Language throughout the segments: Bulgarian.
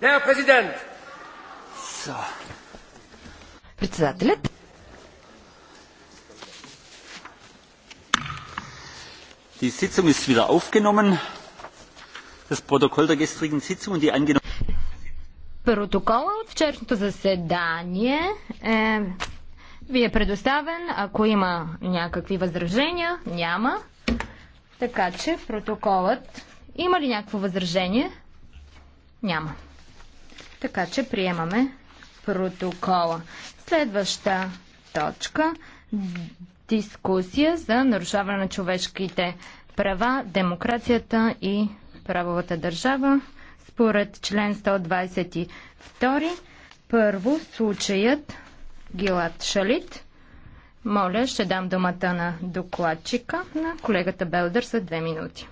Präsident! So. Председателят. Die Sitzung ist wieder aufgenommen. Das Protokoll der gestrigen Sitzung und die angenommen. Протокола от вчерашното заседание е, ви е предоставен. Ако има някакви възражения, няма. Така че протоколът. Има ли някакво възражение? Няма. Така че приемаме протокола. Следваща точка дискусия за нарушаване на човешките права, демокрацията и правовата държава. Според член 122, първо случаят Гилат Шалит. Моля, ще дам думата на докладчика на колегата Белдър за две минути.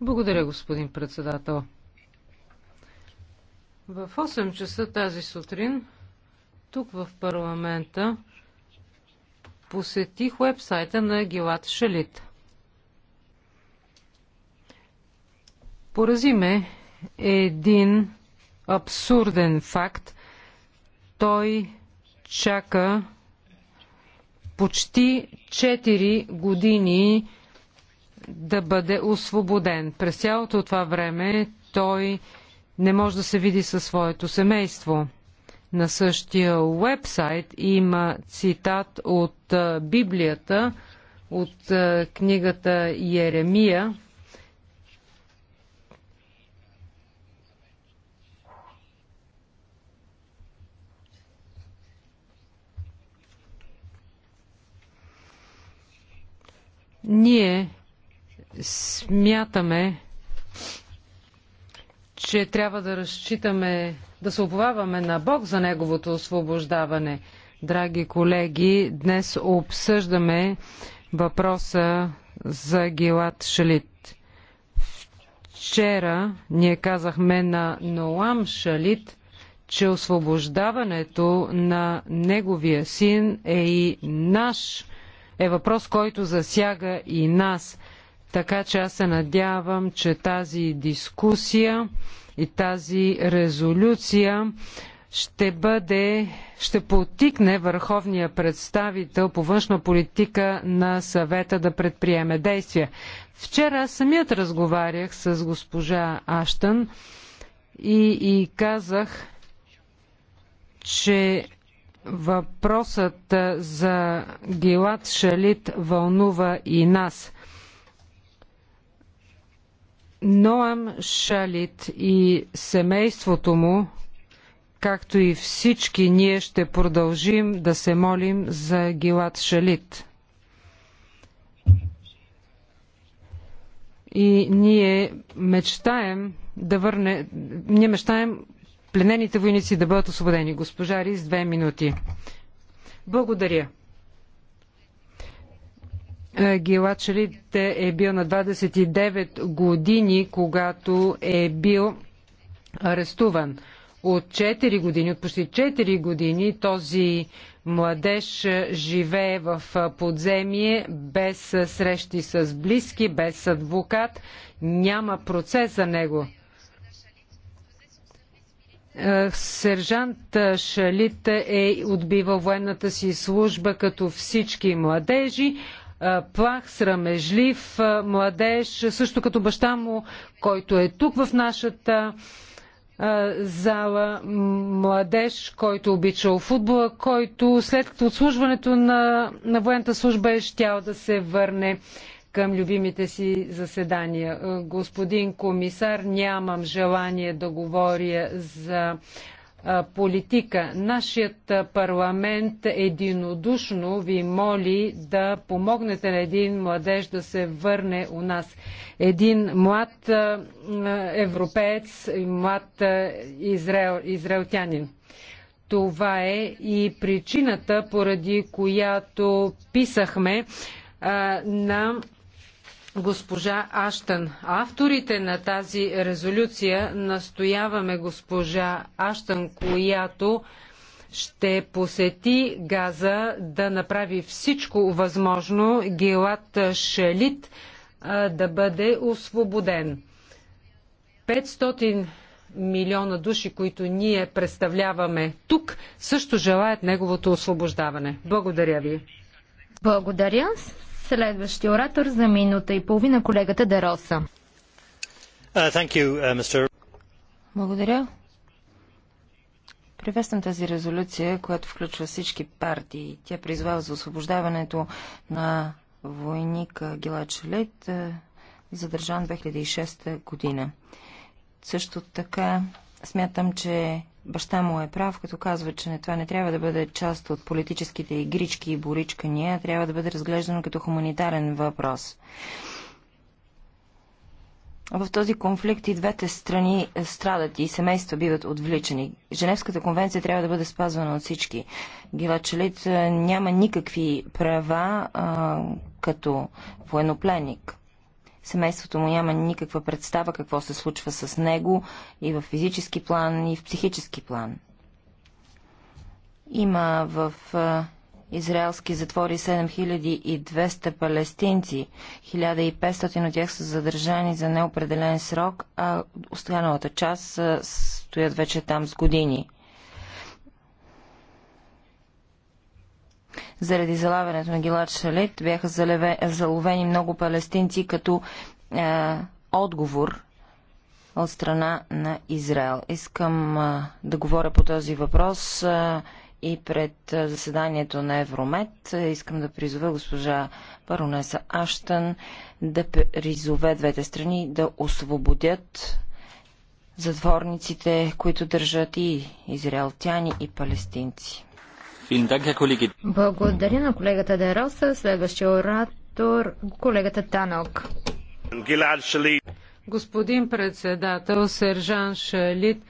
Благодаря, господин председател. В 8 часа тази сутрин тук в парламента посетих уебсайта на Гилат Шалит. Порази ме един абсурден факт. Той чака почти 4 години да бъде освободен. През цялото това време той не може да се види със своето семейство. На същия уебсайт има цитат от Библията, от книгата Еремия, Ние смятаме, че трябва да разчитаме, да се оплаваме на Бог за неговото освобождаване. Драги колеги, днес обсъждаме въпроса за Гилат Шалит. Вчера ние казахме на Ноам Шалит, че освобождаването на неговия син е и наш е въпрос, който засяга и нас. Така че аз се надявам, че тази дискусия и тази резолюция ще бъде, ще потикне върховния представител по външна политика на съвета да предприеме действия. Вчера аз самият разговарях с госпожа Аштън и, и казах, че Въпросът за Гилат Шалит вълнува и нас. Ноам Шалит и семейството му, както и всички ние ще продължим да се молим за Гилат Шалит. И ние мечтаем да върне, ние мечтаем пленените войници да бъдат освободени. Госпожа Рис, две минути. Благодаря. Е, Гилачелит е, е бил на 29 години, когато е бил арестуван. От 4 години, от почти 4 години, този младеж живее в подземие, без срещи с близки, без адвокат, няма процес за него. Е, сержант Шалит е отбива военната си служба като всички младежи. Е, плах, срамежлив е, младеж, също като баща му, който е тук в нашата зала, младеж, който обичал футбола, който след отслужването на, на военната служба е щял да се върне към любимите си заседания. Е, господин комисар, нямам желание да говоря за е, политика. Нашият парламент единодушно ви моли да помогнете на един младеж да се върне у нас. Един млад е, европеец, млад израел, израелтянин. Това е и причината, поради която писахме на госпожа Аштън. Авторите на тази резолюция настояваме госпожа Аштън, която ще посети Газа да направи всичко възможно Гилат Шалит да бъде освободен. 500 милиона души, които ние представляваме тук, също желаят неговото освобождаване. Благодаря ви. Благодаря. Следващия оратор за минута и половина колегата Дероса. Uh, uh, Благодаря. Приветствам тази резолюция, която включва всички партии. Тя призвава за освобождаването на войник Гилад Шалит, е, задържан 2006 година. Също така смятам, че Баща му е прав, като казва, че не, това не трябва да бъде част от политическите игрички и боричкания, а трябва да бъде разглеждано като хуманитарен въпрос. В този конфликт и двете страни страдат и семейства биват отвличани. Женевската конвенция трябва да бъде спазвана от всички. Гилачелит няма никакви права а, като военопленник. Семейството му няма никаква представа какво се случва с него и в физически план, и в психически план. Има в израелски затвори 7200 палестинци. 1500 от тях са задържани за неопределен срок, а останалата част стоят вече там с години. заради залавянето на Гилад Шалит бяха заловени много палестинци като е, отговор от страна на Израел. Искам е, да говоря по този въпрос е, и пред е, заседанието на Евромед. Искам да призова госпожа Паронеса Аштън да призове двете страни да освободят затворниците, които държат и израелтяни и палестинци. Благодаря на колегата Дероса. Следващия оратор, колегата Танок. Господин председател, сержан Шалит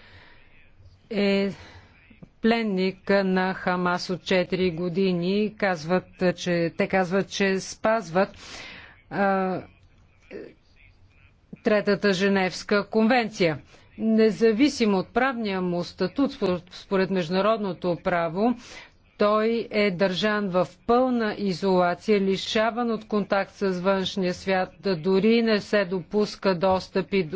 е пленник на Хамас от 4 години. Казват, че, те казват, че спазват а, Третата Женевска конвенция. Независимо от правния му статут, според международното право, той е държан в пълна изолация, лишаван от контакт с външния свят, да дори не се допуска достъп и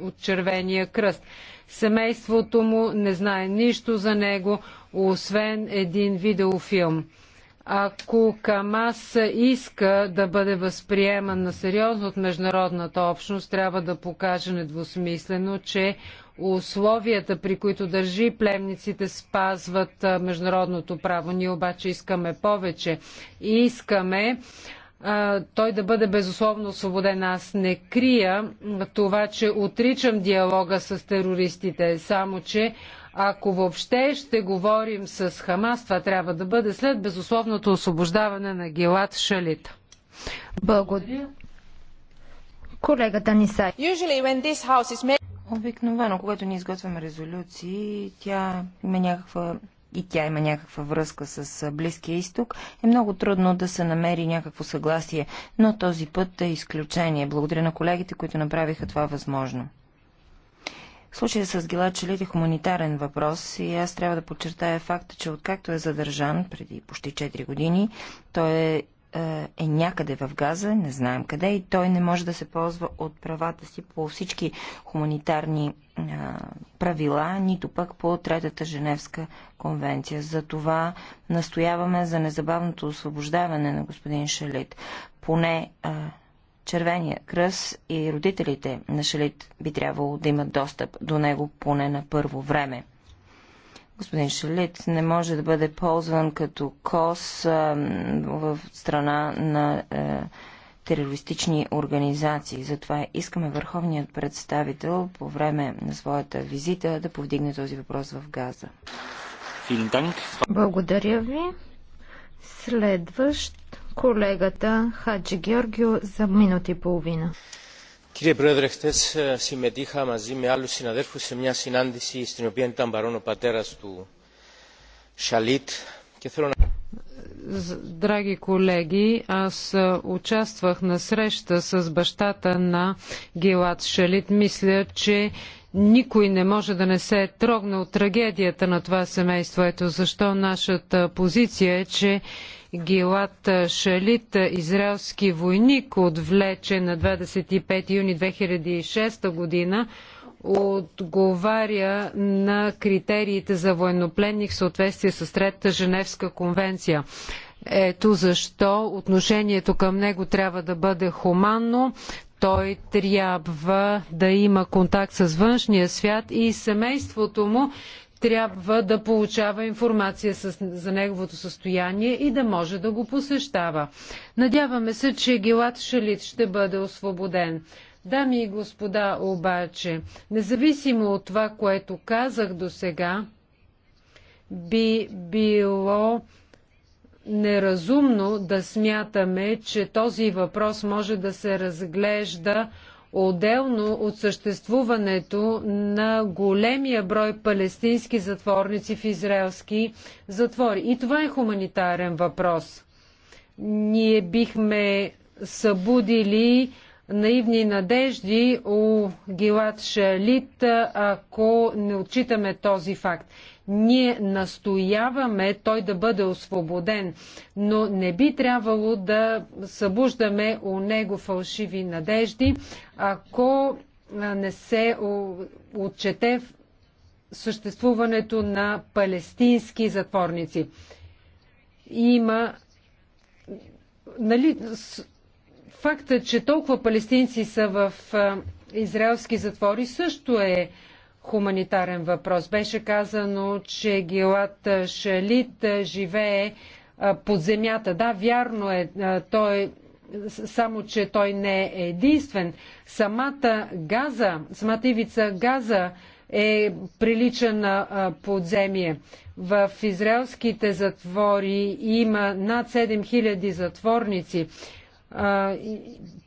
от червения кръст. Семейството му не знае нищо за него, освен един видеофилм. Ако Камас иска да бъде възприеман на сериозно от международната общност, трябва да покаже недвусмислено, че условията, при които държи племниците, спазват международното право. Ние обаче искаме повече. И искаме а, той да бъде безусловно освободен. Аз не крия това, че отричам диалога с терористите, само че ако въобще ще говорим с Хамас, това трябва да бъде след безусловното освобождаване на Гилат Шалит. Благодаря. Колегата Ниса. Обикновено, когато ни изготвяме резолюции, тя има някаква и тя има някаква връзка с Близкия изток, е много трудно да се намери някакво съгласие, но този път е изключение. Благодаря на колегите, които направиха това възможно. Случая с Гилачелит е хуманитарен въпрос и аз трябва да подчертая факта, че откакто е задържан преди почти 4 години, той е, е, е някъде в Газа, не знаем къде, и той не може да се ползва от правата си по всички хуманитарни е, правила, нито пък по Третата Женевска конвенция. За това настояваме за незабавното освобождаване на господин Шалит. Поне Червения кръст и родителите на Шалит би трябвало да имат достъп до него поне на първо време. Господин Шалит не може да бъде ползван като кос а, в страна на е, терористични организации. Затова искаме върховният представител по време на своята визита да повдигне този въпрос в Газа. Благодаря ви. Следващ колегата Хаджи Георгио за минута и половина. Κύριε Πρόεδρε, χθε συμμετείχα μαζί με άλλου συναδέλφου σε μια συνάντηση στην οποία ήταν παρόν ο πατέρα του Шалит και θέλω να. Драги колеги, аз е, участвах на среща с бащата на Гилат Шалит. Мисля, че никой не може да не се е трогнал трагедията на това семейство. Ето защо нашата позиция е, че Гилат Шалит, израелски войник, отвлече на 25 юни 2006 година, отговаря на критериите за военнопленник в съответствие с Третата Женевска конвенция. Ето защо отношението към него трябва да бъде хуманно. Той трябва да има контакт с външния свят и семейството му трябва да получава информация за неговото състояние и да може да го посещава. Надяваме се, че Гилат Шалит ще бъде освободен. Дами и господа, обаче, независимо от това, което казах до сега, би било неразумно да смятаме, че този въпрос може да се разглежда Отделно от съществуването на големия брой палестински затворници в израелски затвори. И това е хуманитарен въпрос. Ние бихме събудили наивни надежди у Гилат Шалит, ако не отчитаме този факт. Ние настояваме той да бъде освободен, но не би трябвало да събуждаме у него фалшиви надежди, ако не се отчете съществуването на палестински затворници. Има нали, Факта, че толкова палестинци са в израелски затвори също е хуманитарен въпрос. Беше казано, че Гилат Шалит живее под земята. Да, вярно е, той само, че той не е единствен. Самата газа, самата ивица газа е прилича на подземие. В израелските затвори има над 7000 затворници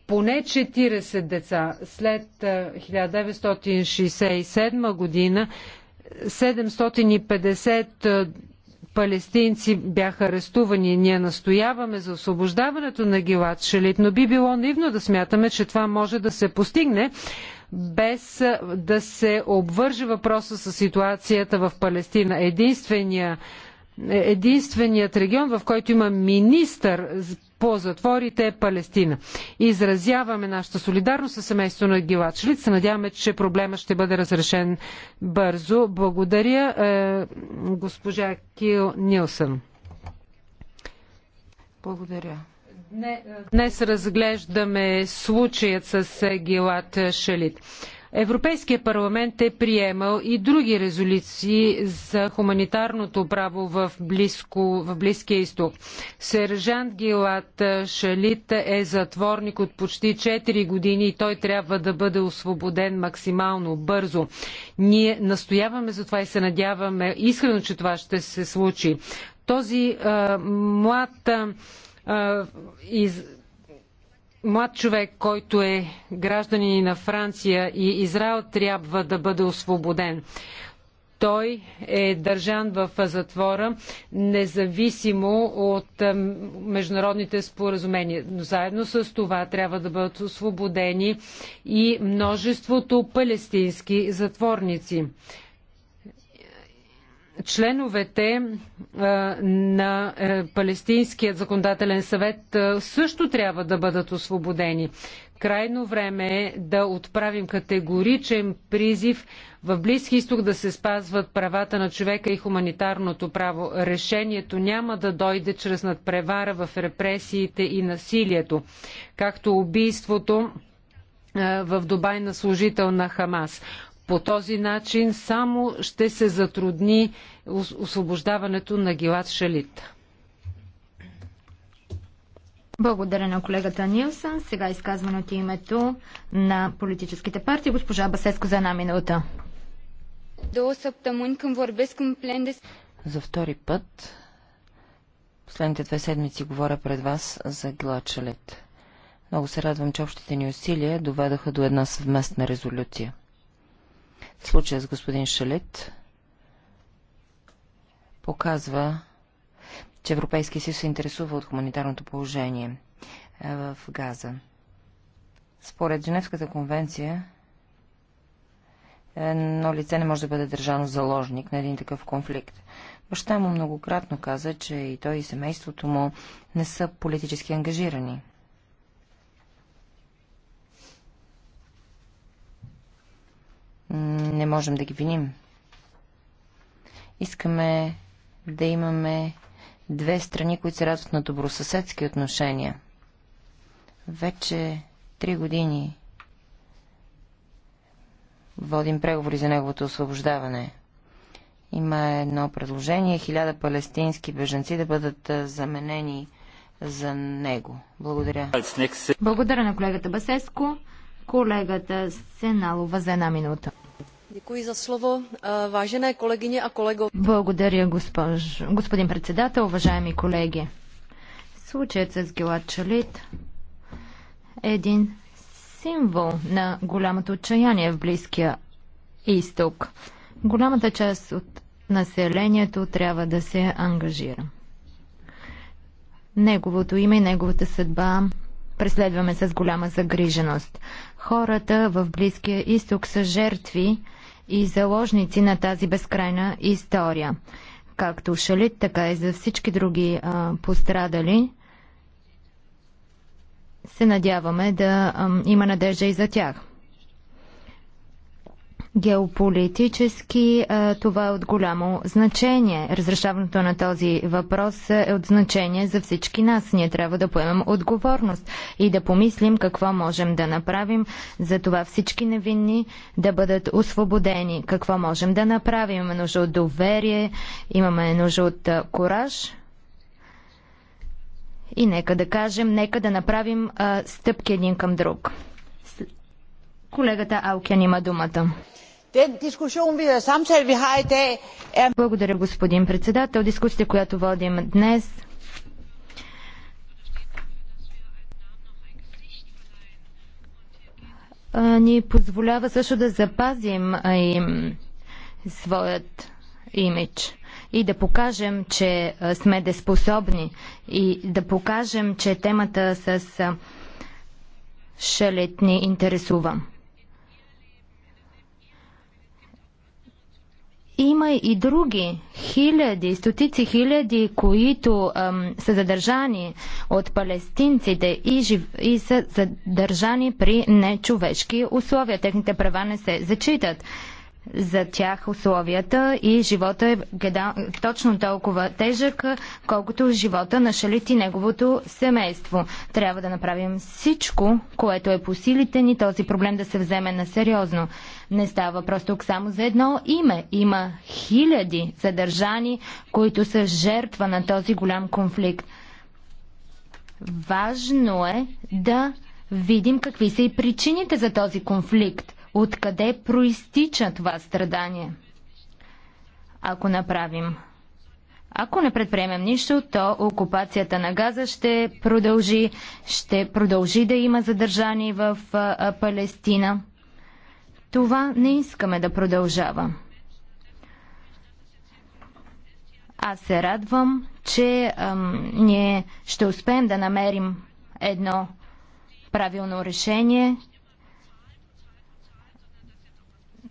поне 40 деца. След 1967 година 750 палестинци бяха арестувани. Ние настояваме за освобождаването на Гилат Шалит, но би било наивно да смятаме, че това може да се постигне без да се обвърже въпроса с ситуацията в Палестина. Единствения е, единственият регион, в който има министър по затворите, е Палестина. Изразяваме нашата солидарност с семейството на Гилат Шлиц. надяваме, че проблема ще бъде разрешен бързо. Благодаря, е, госпожа Кил Нилсън. Благодаря. Е, днес разглеждаме случаят с Гилат Шелит. Европейския парламент е приемал и други резолюции за хуманитарното право в, близко, в Близкия изток. Сержант Гилат Шалит е затворник от почти 4 години и той трябва да бъде освободен максимално бързо. Ние настояваме за това и се надяваме искрено, че това ще се случи. Този а, млад а, из, млад човек, който е гражданин на Франция и Израел, трябва да бъде освободен. Той е държан в затвора, независимо от международните споразумения. Но заедно с това трябва да бъдат освободени и множеството палестински затворници членовете на е, Палестинският законодателен съвет също трябва да бъдат освободени. Крайно време е да отправим категоричен призив в Близки изток да се спазват правата на човека и хуманитарното право. Решението няма да дойде чрез надпревара в репресиите и насилието, както убийството в Дубай на служител на Хамас. По този начин само ще се затрудни освобождаването на Гилат Шалит. Благодаря на колегата Нилсън. Сега изказване от името на политическите партии. Госпожа Басеско за една минута. За втори път, последните две седмици говоря пред вас за Шалит. Много се радвам, че общите ни усилия доведаха до една съвместна резолюция – Случая с господин Шалит показва, че Европейския съюз се интересува от хуманитарното положение в Газа. Според Женевската конвенция, е, едно лице не може да бъде държано заложник на един такъв конфликт. Баща му многократно каза, че и той и семейството му не са политически ангажирани. не можем да ги виним. Искаме да имаме две страни, които се радват на добросъседски отношения. Вече три години водим преговори за неговото освобождаване. Има едно предложение хиляда палестински беженци да бъдат заменени за него. Благодаря. Благодаря на колегата Басеско. Колегата Сеналова за една минута. Благодаря, господин председател, уважаеми колеги. Случаят с Гилат Чалит е един символ на голямото отчаяние в Близкия изток. Голямата част от населението трябва да се ангажира. Неговото име и неговата съдба преследваме с голяма загриженост. Хората в Близкия изток са жертви и заложници на тази безкрайна история. Както Шалит, така и за всички други а, пострадали, се надяваме да а, има надежда и за тях. Геополитически това е от голямо значение. Разрешаването на този въпрос е от значение за всички нас. Ние трябва да поемем отговорност и да помислим какво можем да направим за това всички невинни да бъдат освободени. Какво можем да направим? Имаме нужда от доверие, имаме нужда от кораж. И нека да кажем, нека да направим а, стъпки един към друг. Колегата Алкен има думата. Er- Благодаря, господин председател. Дискусията, която водим днес, ни позволява също да запазим им своят имидж и да покажем, че сме деспособни и да покажем, че темата с шалет ни интересува. Има и други хиляди, стотици хиляди, които ам, са задържани от палестинците и, жив... и са задържани при нечовешки условия. Техните права не се зачитат за тях условията и живота е геда, точно толкова тежък, колкото живота на Шалит и неговото семейство. Трябва да направим всичко, което е по силите ни, този проблем да се вземе на сериозно. Не става просто само за едно име. Има хиляди задържани, които са жертва на този голям конфликт. Важно е да видим какви са и причините за този конфликт Откъде проистича това страдание? Ако направим ако не предприемем нищо, то окупацията на Газа ще продължи, ще продължи да има задържани в а, Палестина. Това не искаме да продължава. Аз се радвам, че ам, ние ще успеем да намерим едно правилно решение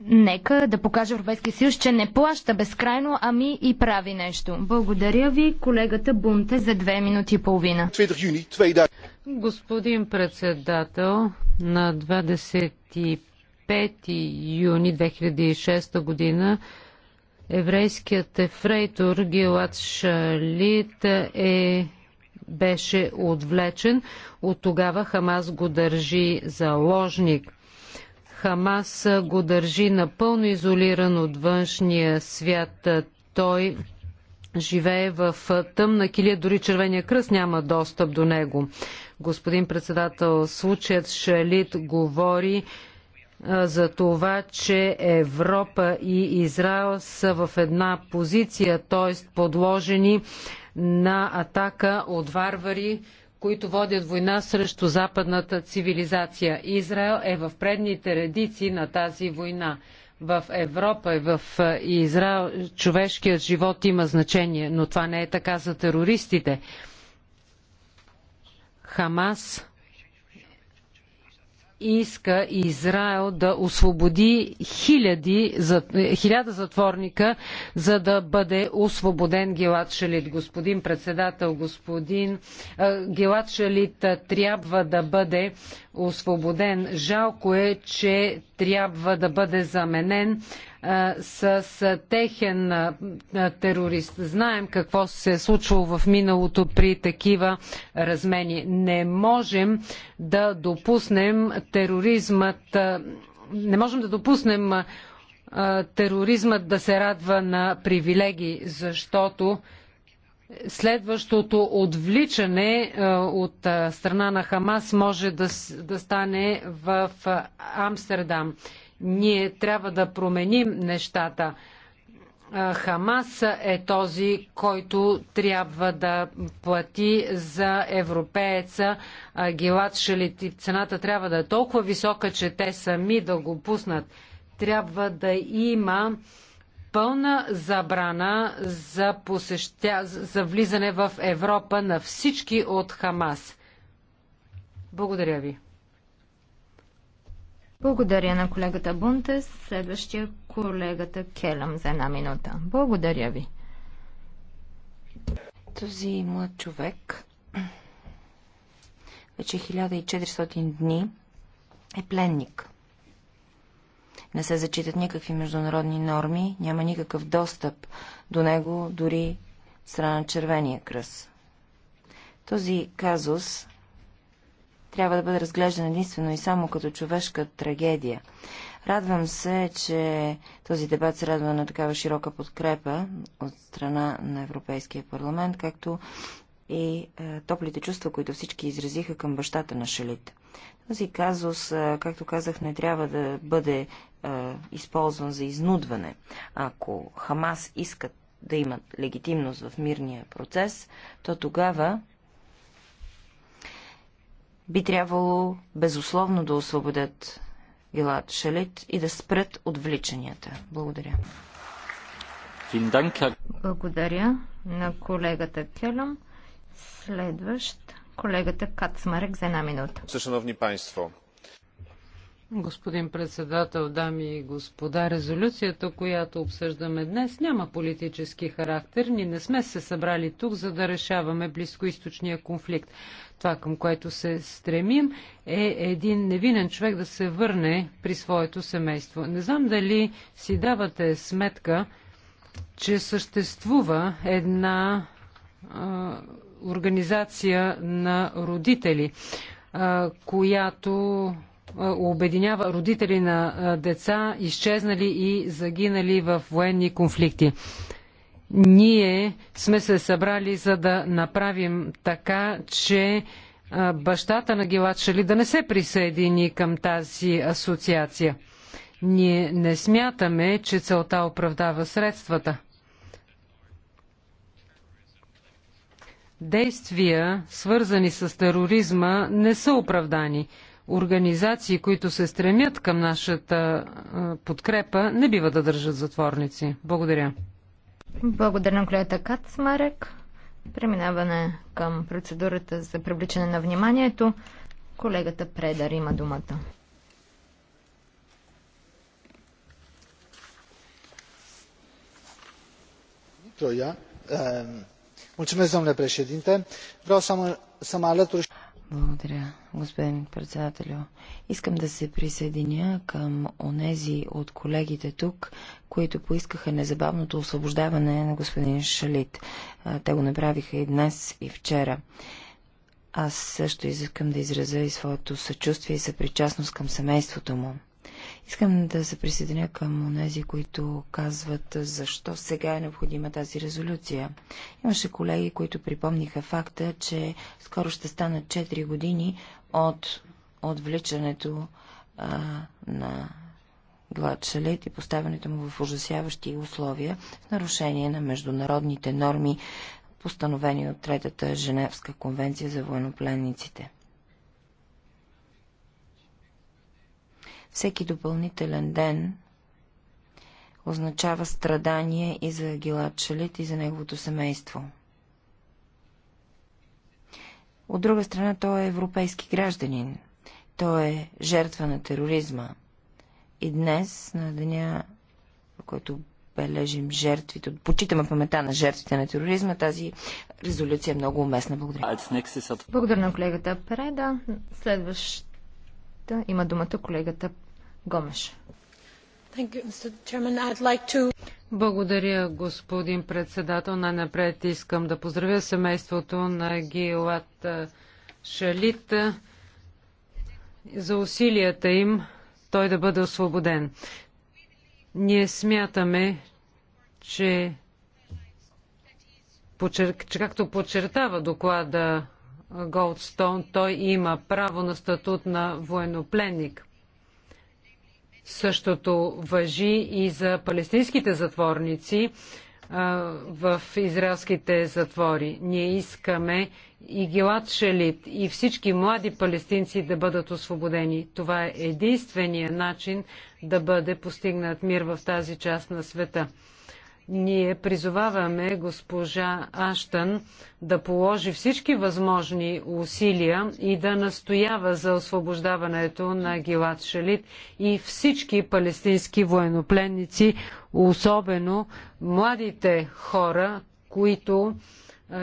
Нека да покаже Европейския съюз, че не плаща безкрайно, ами и прави нещо. Благодаря ви, колегата Бунте, за две минути и половина. Господин председател, на 25 юни 2006 година еврейският ефрейтор Гилат Шалит е беше отвлечен. От тогава Хамас го държи заложник. Хамас го държи напълно изолиран от външния свят. Той живее в тъмна килия, дори червения кръст няма достъп до него. Господин председател, случаят Шалит говори за това, че Европа и Израел са в една позиция, т.е. подложени на атака от варвари, които водят война срещу западната цивилизация. Израел е в предните редици на тази война. В Европа и в е, Израел човешкият живот има значение, но това не е така за терористите. Хамас иска Израел да освободи хиляди, хиляда затворника, за да бъде освободен Гелат Шалит. Господин председател, господин Гелат Шалит трябва да бъде освободен. Жалко е, че трябва да бъде заменен а, с техен а, терорист. Знаем какво се е случвало в миналото при такива размени. Не можем да допуснем тероризмът. А, не можем да допуснем тероризмът да се радва на привилегии, защото следващото отвличане е, от е, страна на Хамас може да, да стане в е, Амстердам. Ние трябва да променим нещата. Хамас е този, който трябва да плати за европееца Гилат и Цената трябва да е толкова висока, че те сами да го пуснат. Трябва да има пълна забрана за, посещя... за влизане в Европа на всички от Хамас. Благодаря ви. Благодаря на колегата Бунтес. Следващия колегата Келам за една минута. Благодаря ви. Този млад човек вече 1400 дни е пленник. Не се зачитат никакви международни норми, няма никакъв достъп до него, дори страна на червения кръс. Този казус трябва да бъде разглеждан единствено и само като човешка трагедия. Радвам се, че този дебат се радва на такава широка подкрепа от страна на Европейския парламент, както и е, топлите чувства, които всички изразиха към бащата на Шалит. Този казус, е, както казах, не трябва да бъде е, използван за изнудване. Ако Хамас искат да имат легитимност в мирния процес, то тогава би трябвало безусловно да освободят Гилат Шалит и да спрат отвличанията. Благодаря. Благодаря на колегата Келъм. Следващ колегата Кацмарек за една минута. Шановни панство, Господин председател, дами и господа, резолюцията, която обсъждаме днес, няма политически характер. Ние не сме се събрали тук, за да решаваме близкоисточния конфликт. Това, към което се стремим, е един невинен човек да се върне при своето семейство. Не знам дали си давате сметка, че съществува една организация на родители, която обединява родители на деца, изчезнали и загинали в военни конфликти. Ние сме се събрали за да направим така, че бащата на Гилат Шали да не се присъедини към тази асоциация. Ние не смятаме, че целта оправдава средствата. действия, свързани с тероризма, не са оправдани. Организации, които се стремят към нашата подкрепа, не бива да държат затворници. Благодаря. Благодаря на колегата Кацмарек. Преминаване към процедурата за привличане на вниманието. Колегата Предар има думата. То я. Е... Vreau să mă alătur. Благодаря, господин председателю. Искам да се присъединя към онези от колегите тук, които поискаха незабавното освобождаване на господин Шалит. Те го направиха и днес, и вчера. Аз също искам да изразя и своето съчувствие и съпричастност към семейството му. Искам да се присъединя към онези, които казват защо сега е необходима тази резолюция. Имаше колеги, които припомниха факта, че скоро ще станат 4 години от отвличането а, на Глад Шалет и поставянето му в ужасяващи условия в нарушение на международните норми, постановени от Третата Женевска конвенция за военнопленниците. Всеки допълнителен ден означава страдание и за Гилад Шалит и за неговото семейство. От друга страна, той е европейски гражданин. Той е жертва на тероризма. И днес, на деня, в който бележим жертвите, почитаме памета на жертвите на тероризма, тази резолюция е много уместна. Благодаря. Благодаря на колегата Преда. Следващата има думата колегата Гомеш. Благодаря, господин председател. Най-напред искам да поздравя семейството на Гилат Шалит за усилията им той да бъде освободен. Ние смятаме, че, че както подчертава доклада Голдстоун, той има право на статут на военнопленник. Същото въжи и за палестинските затворници в израелските затвори. Ние искаме и Гилат Шелит и всички млади палестинци да бъдат освободени. Това е единствения начин да бъде постигнат мир в тази част на света. Ние призоваваме госпожа Аштън да положи всички възможни усилия и да настоява за освобождаването на Гилат Шалит и всички палестински военнопленници, особено младите хора, които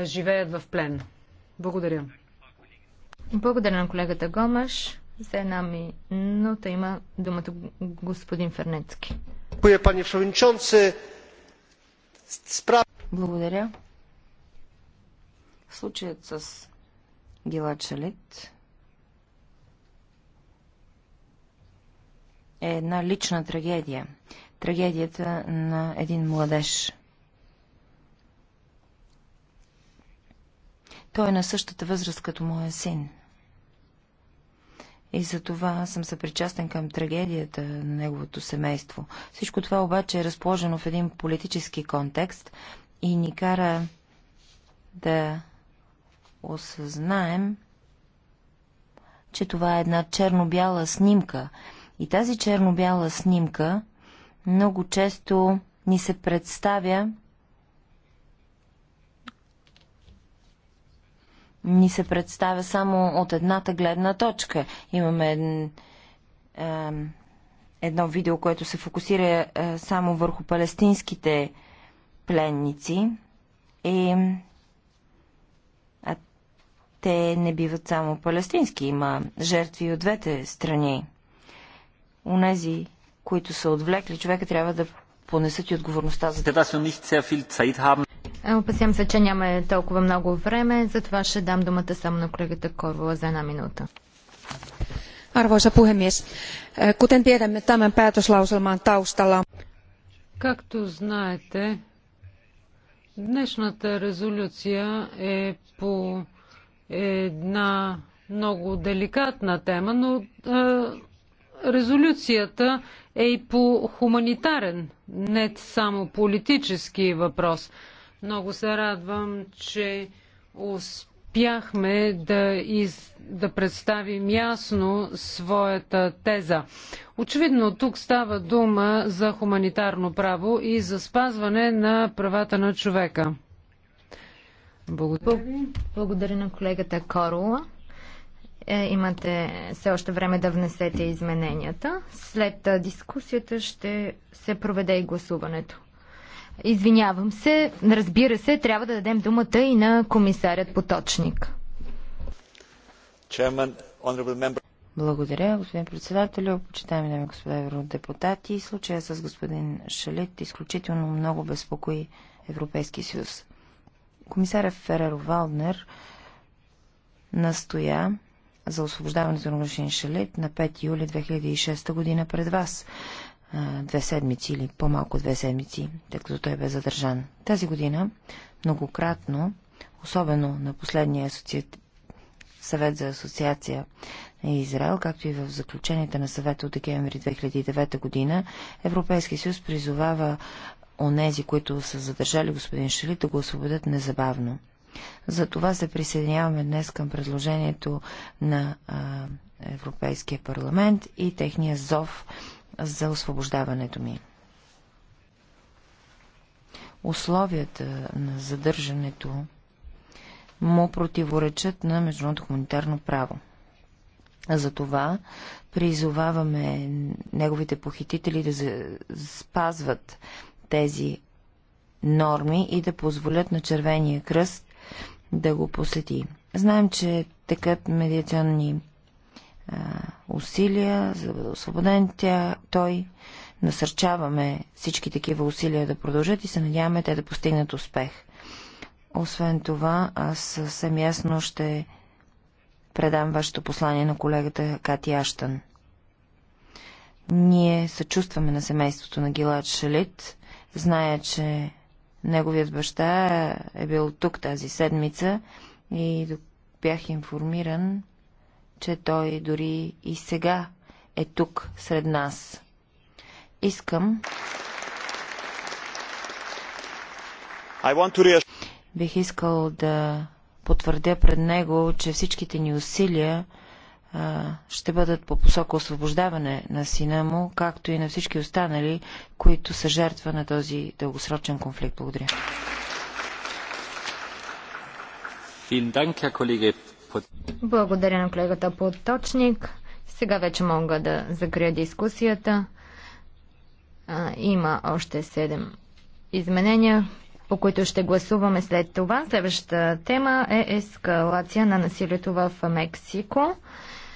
живеят в плен. Благодаря. Благодаря на колегата Гомаш. За една минута има думата господин Фернецки. Пане справ... Благодаря. Случаят с Гила Чалит е една лична трагедия. Трагедията на един младеж. Той е на същата възраст като моя син – и за това съм съпричастен към трагедията на неговото семейство. Всичко това обаче е разположено в един политически контекст и ни кара да осъзнаем, че това е една черно-бяла снимка. И тази черно-бяла снимка много често ни се представя ни се представя само от едната гледна точка. Имаме един, е, едно видео, което се фокусира е, само върху палестинските пленници и а те не биват само палестински. Има жертви от двете страни. Унези, които са отвлекли човека, трябва да понесат и отговорността за това. Е, опасявам се, че нямаме толкова много време, затова ще дам думата само на колегата Корвала за една минута. Arvoisa puhemies, kuten е, tiedämme, tämän päätöslauselman taustalla Както знаете, днешната резолюция е по една много деликатна тема, но е, резолюцията е и по хуманитарен, не само политически въпрос. Много се радвам, че успяхме да, из, да представим ясно своята теза. Очевидно, тук става дума за хуманитарно право и за спазване на правата на човека. Благодаря ви. Благодаря на колегата Корола. Е, имате все още време да внесете измененията. След дискусията ще се проведе и гласуването. Извинявам се, разбира се, трябва да дадем думата и на комисарят Поточник. Благодаря, господин председател, Почитаеми дами господа евродепутати, случая с господин Шалит изключително много безпокои Европейски съюз. Комисарът Фереро Валднер настоя за освобождаването на Рушин Шалит на 5 юли 2006 година пред вас две седмици или по-малко две седмици, тъй като той бе задържан. Тази година многократно, особено на последния асоци... съвет за асоциация на Израел, както и в заключенията на съвета от декември 2009 година, Европейския съюз призовава онези, които са задържали господин Шили, да го освободят незабавно. За това се присъединяваме днес към предложението на а, Европейския парламент и техния зов за освобождаването ми. Условията на задържането му противоречат на международното хуманитарно право. Затова призоваваме неговите похитители да спазват тези норми и да позволят на Червения кръст да го посети. Знаем, че текат медиационни усилия, за да бъде освободен тя, той. Насърчаваме всички такива усилия да продължат и се надяваме те да постигнат успех. Освен това, аз съвсем ясно ще предам вашето послание на колегата Кати Аштън. Ние съчувстваме на семейството на Гилад Шалит. Зная, че неговият баща е бил тук тази седмица и бях информиран, че той дори и сега е тук сред нас. Искам. To... Бих искал да потвърдя пред него, че всичките ни усилия а, ще бъдат по посока освобождаване на сина му, както и на всички останали, които са жертва на този дългосрочен конфликт. Благодаря. Благодаря на колегата Поточник. Сега вече мога да закрия дискусията. А, има още седем изменения, по които ще гласуваме след това. Следващата тема е ескалация на насилието в Мексико.